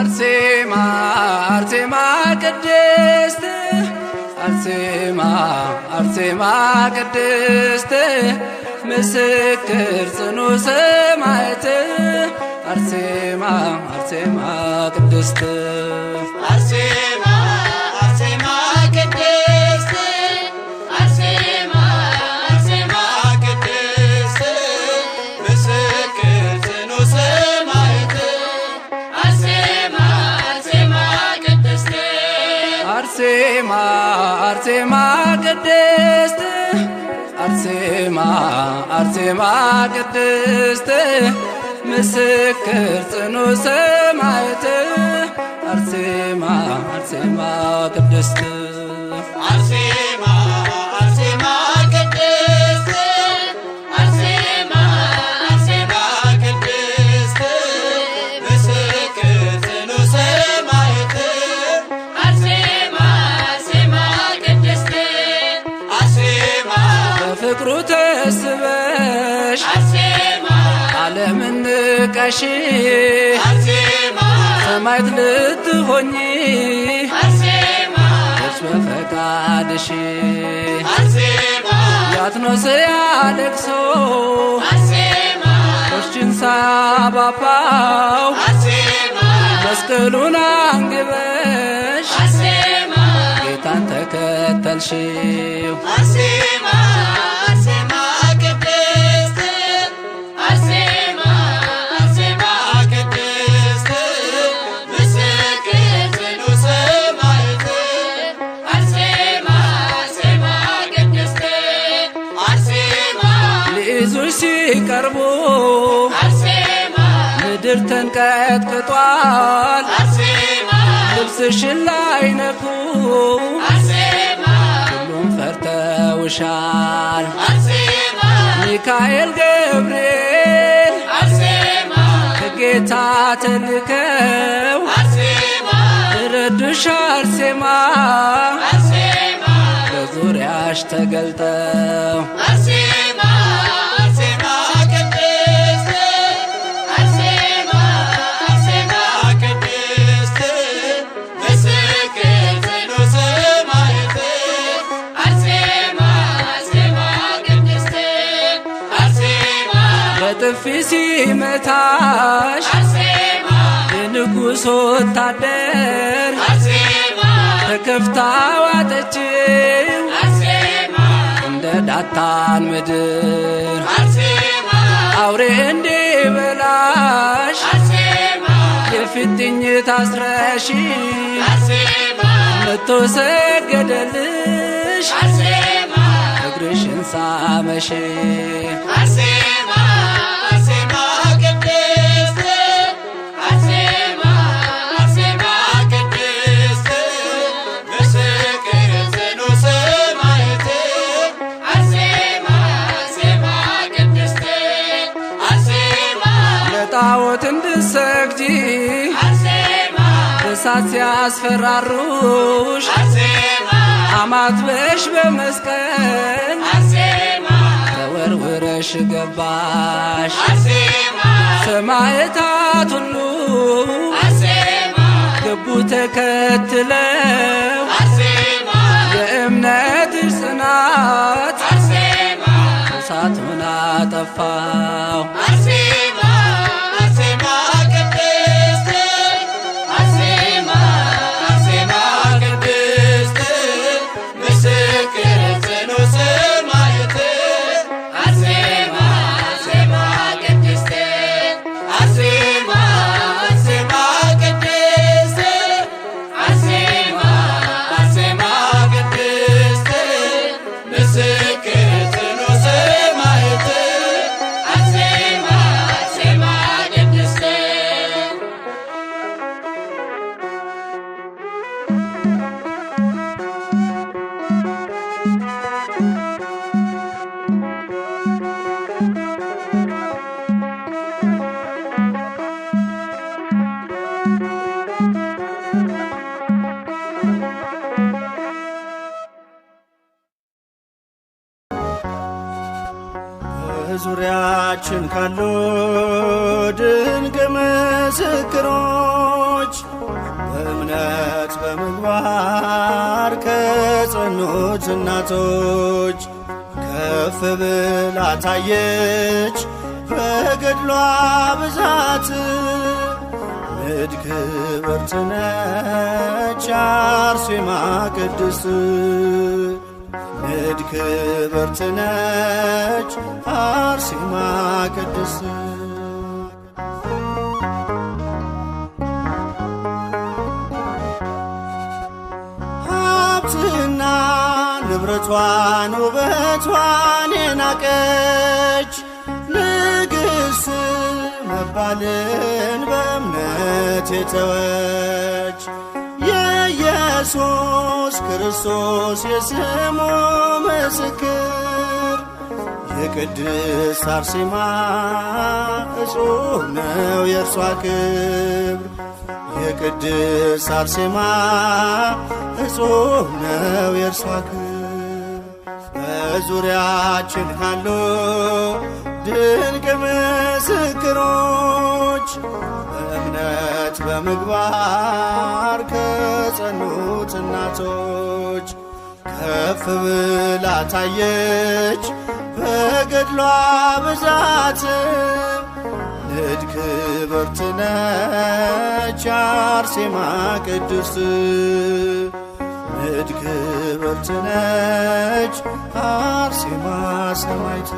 አርሴማ አርሴማ ቅድስት አርሴማ አርሴማ ቅድስት ምስክር ጽኑ ሰማዕት አርሴማ አርሴማ ቅድስት አርሴማ ቅድስት አርሴማ አርሴማ ቅድስት ምስክር ጽኑ ሰማዕት አርሴማ አርሴማ ቅድስት አልጋሽ ሰማይት ልትሆኚ እርሱን ፈቃድሽ ያትኖስ ያለቅሶ ቁርሽን ሳባፋው መስቀሉን አንግበሽ ጌታን ተከተልሽው ምድር ተንቀጥቅጧል። ልብስሽን ላይ ነኩ ሁሉም ፈርተውሻል። ሚካኤል ገብርኤል ከጌታ ተልከው እረዱሽ አርሴማ በዙሪያሽ ተገልጠው ሰልፍ ሲመታሽ የንጉሥ ወታደር ተከፍታ ዋጠችው እንደ ዳታን ምድር አውሬ እንዴ በላሽ የፊትኝ ታስረሽ መቶ ሰገደልሽ እግርሽን ሳመሽ በእሳት ሲያስፈራሩሽ አማትበሽ በመስቀል ተወርውረሽ ገባሽ ሰማዕታት ሁሉ ገቡ ተከትለው የእምነት ጽናት እሳት ሆና ጠፋው ታየች በገድሏ ብዛት ምድ ክብርት ነች አርሴማ ቅድስት ምድ ክብርት ነች አርሴማ ቅድስት ሞቷን ውበቷን የናቀች ንግስ መባልን በእምነት የተወች የኢየሱስ ክርስቶስ የስሙ ምስክር የቅድስት አርሴማ እጹብ ነው የእርሷ ክብር የቅድስት አርሴማ እጹብ ነው የእርሷ ክብር በዙሪያችን ካሉ ድንቅ ምስክሮች በእምነት በምግባር ከጸኑት እናቶች ከፍ ብላ ታየች በገድሏ ብዛት ንድ ክብርት ነች አርሴማ ቅድስት ድንግል ክብርት ነች አርሴማ ሰማዕት።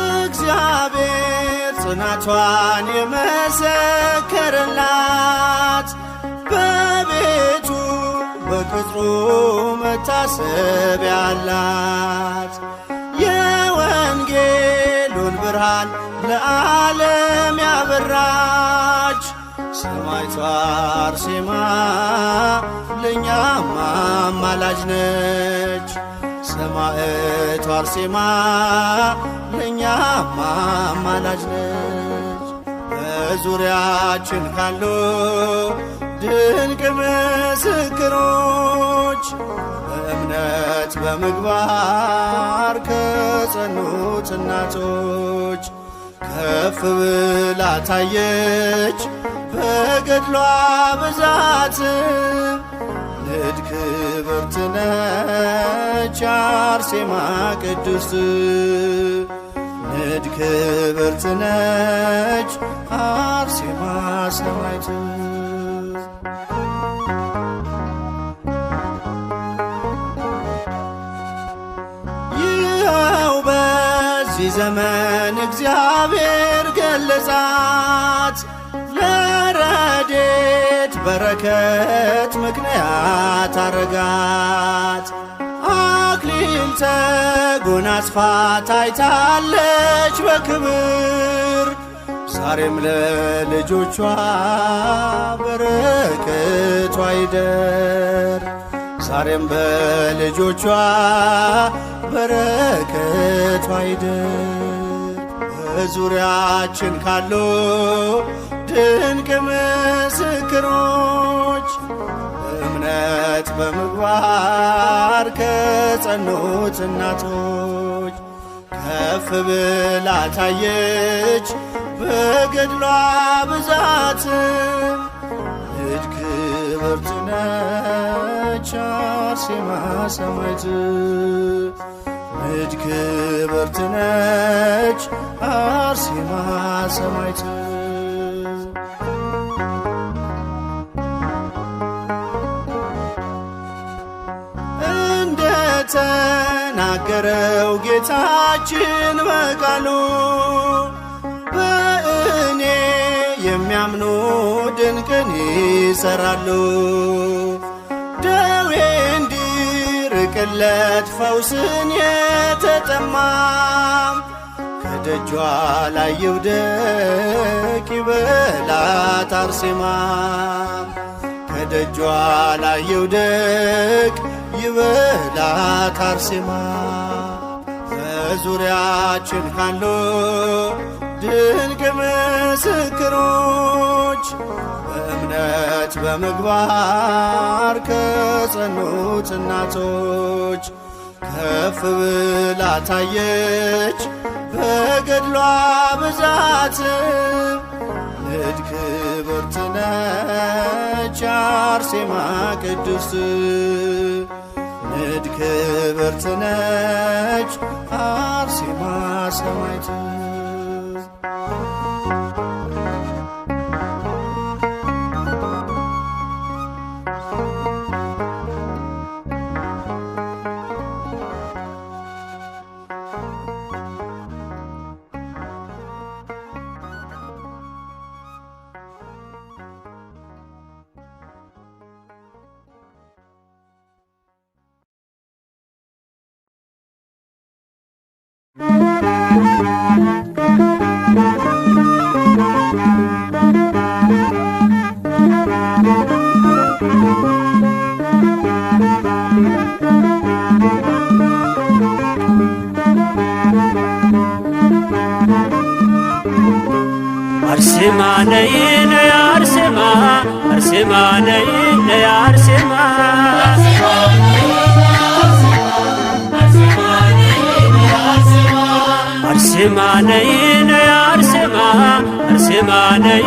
እግዚአብሔር ጽናቷን የመሰከረላት በቤቱ በቅጥሩ መታሰቢያ አላት። ብርሃን ለዓለም ያበራች ሰማይቷ አርሴማ ለእኛ ማማላጅ ነች። ሰማይቷ አርሴማ ለእኛ ማማላጅ ነች። በዙሪያችን ካሉ ድንቅ ምስክሮች በእምነት በምግባር ከጸኑት እናቶች ከፍ ብላ ታየች በገድሏ ብዛት ንድ ክብርት ነች አርሴማ ቅድስት ንድ ክብርት ነች አርሴማ ሰማዕት ይኸው በዚህ ዘመን እግዚአብሔር ገለጻት ለረዴት በረከት ምክንያት አረጋት። አክሊል ተጎናጽፋ ታይታለች በክብር ዛሬም ለልጆቿ በረከቷ ይደር ዛሬም በልጆቿ በረከቷ ይደር በዙሪያችን ካሉ ድንቅ ምስክሮች እምነት በምግባር ከጸኑት እናቶች ከፍ ብላ ታየች በገድሏ ብዛት እድ ክብርት ነች አርሴማ ሰማዕት እድ ክብርት ነች አርሴማ ሰማዕት እንደተናገረው ጌታችን በቃሉ ሲያምኑ ድንቅን ይሰራሉ። ደዌ እንዲርቅለት ፈውስን የተጠማም ከደጇ ላይ ይውደቅ ይበላት አርሴማ ከደጇ ላይ ይውደቅ ይበላት አርሴማ በዙሪያችን ካሉ ድንቅ ምስክሮች በእምነት በምግባር ከጸኑት እናቶች ከፍ ብላ ታየች በገድሏ ብዛት ንድ ክብርት ነች አርሴማ ቅድስት ንድ ክብርት ነች አርሴማ ሰማዕት አርሴማ ነይነ አርሴማ አርሴማ ነይ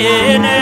Yeah.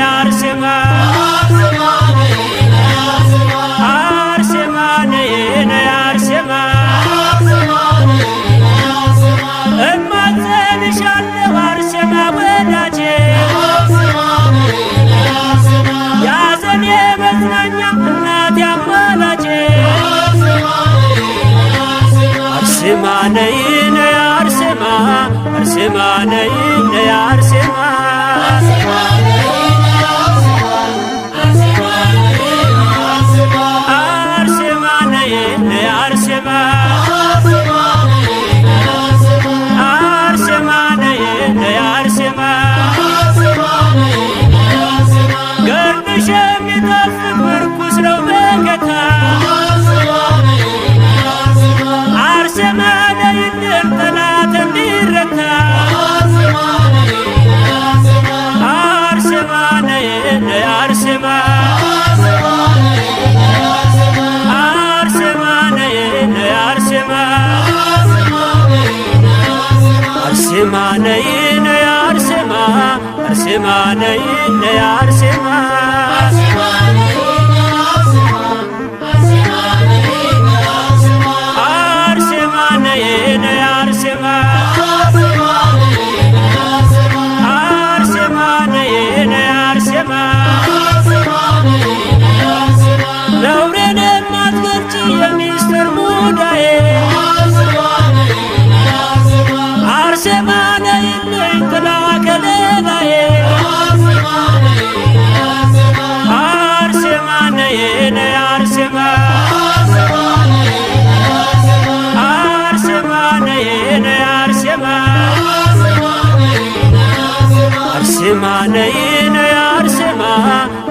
አርሴማ ነይ ነይ አርሴማ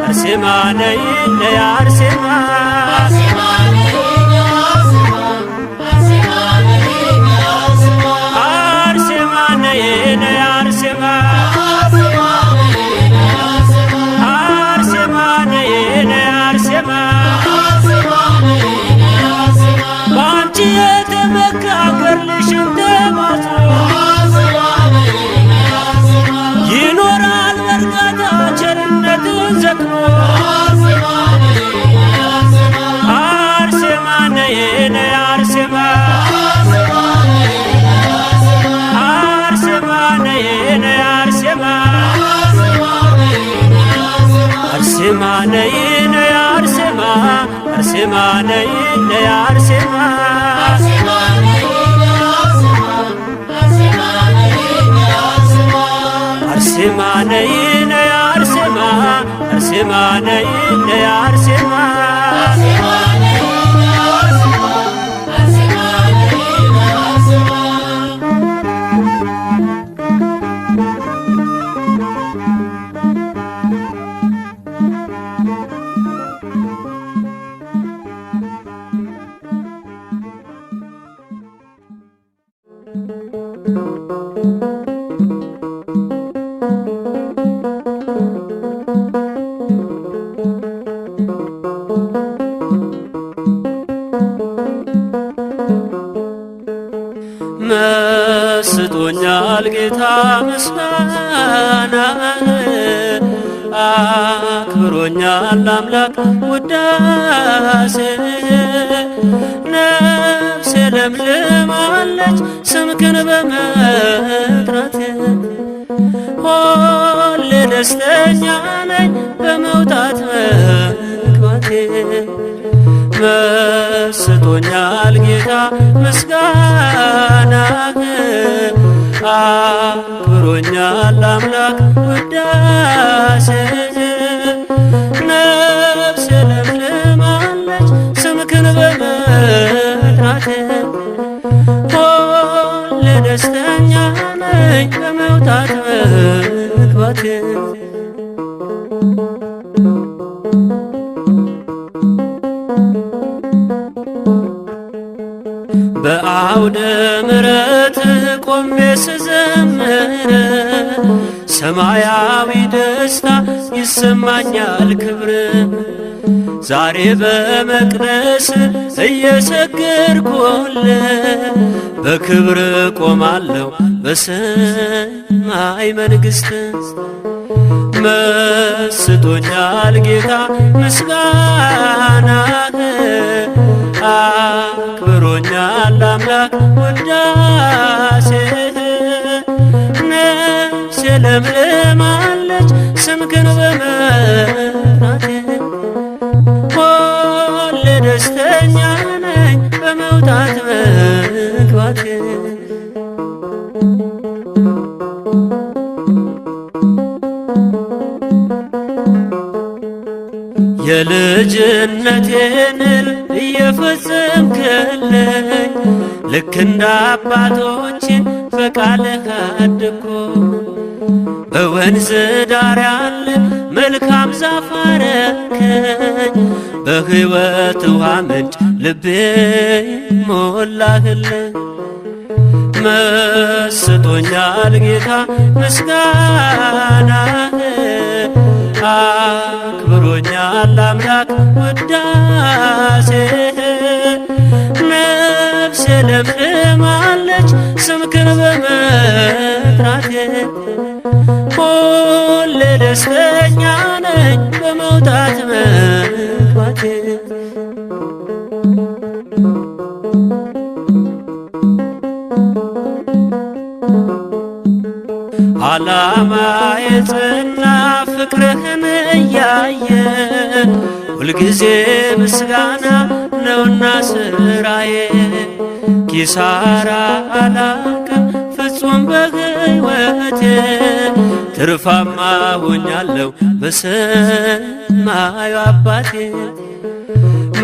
አርሴማ ነይ ነይ አርሴማ አርሴማ ነይ አርሴማ አርሴማ ነይ ነይ አርሴማ አርሴማ ነይ ነይ አርሴማ ሁሌ ደስተኛ ነኝ በመውጣት መግባቴ። መስጦኛል ጌታ ምስጋናህ፣ አክብሮኛል አምላክ ውዳሴህ። ነፍሴ ለምልማለች ስምህን በመጥራትህ ሁሌ ደስተኛ ነኝ መውጣት መግባት በአውደ ምረት ቆሜ ስዘምር ሰማያዊ ደስታ ይሰማኛል ክብር ዛሬ በመቅደስ እየሰገድኩለ በክብር ቆማለሁ በሰማይ መንግሥት። መስቶኛል ጌታ ምስጋና አክብሮኛል አምላክ ወዳሴ ነፍሴ ለምለማለች ስምክን በመ ደስተኛ ነኝ በመውጣት መግባት የልጅነቴን እየፈጸምክልኝ ልክ እንደ አባቶችን በቃልህ አደግኩ በወንዝ ዳር ያለ መልካም ዛፍ አረከኝ በሕይወት ውሃ ምንጭ ልቤ ሞላህል! መስጦኛል ጌታ ምስጋና አክብሮኛል አምላክ ውዳሴ ነፍሴ ለምልማለች ስምክን በመጥራቴ፣ ሁሌ ደስተኛ ነኝ በመውጣት መስዋዕት አላማ የጽና ፍቅርህን እያየ ሁልጊዜ ምስጋና ነውና ስራዬ ኪሳራ አላውቅም ፍጹም በህይወቴ ትርፋማ ሆኛለሁ በሰማዩ አባቴ።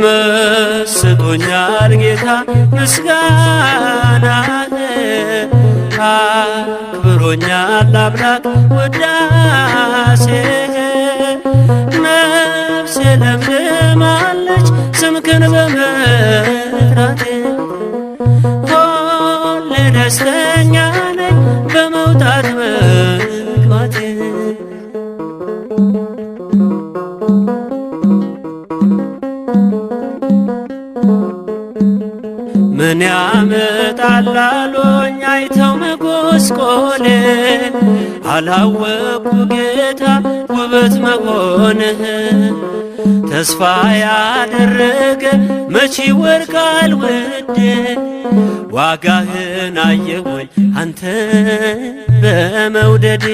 መስጦኛል ጌታ ምስጋናህ፣ አክብሮኛል አምላክ ወዳሴ ነፍሴ ለምልማለች ስምክን በመጥራቴ፣ ሁሌ ደስተኛ ነኝ በመውጣት ምን ያመጣል አሉኝ አይተው መጎስቆልህን አላወቁ ጌታ ውበት መሆንህን ተስፋ ያደረገ መቼ ይወርቃል ውዴ ዋጋህን አየሁኝ አንተ በመውደድ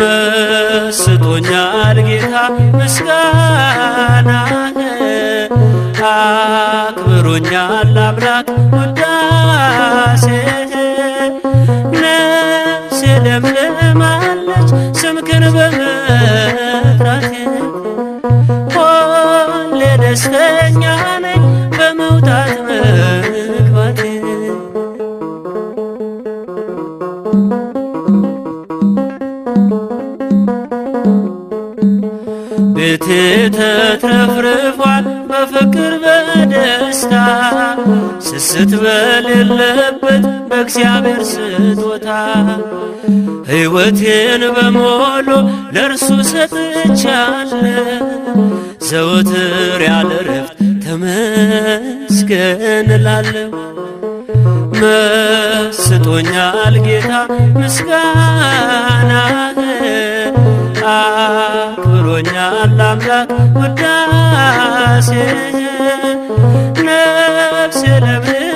መስጦኛል ጌታ ምስጋና አክብሮኛል አምላክ ውዳሴ ነፍሴ ለምልማለች ስምክን በመጥራቴ ሁሌ ደስታ ሕይወቴን በሞሉ ለእርሱ ሰጥቻለሁ። ዘወትር ያለ ረፍት ተመስገን እላለሁ። መስጦኛል ጌታ ምስጋናህ፣ አክብሮኛል አምላክ ውዳሴህ ነፍሴ ለምን